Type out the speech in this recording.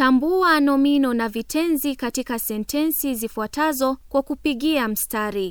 Tambua nomino na vitenzi katika sentensi zifuatazo kwa kupigia mstari.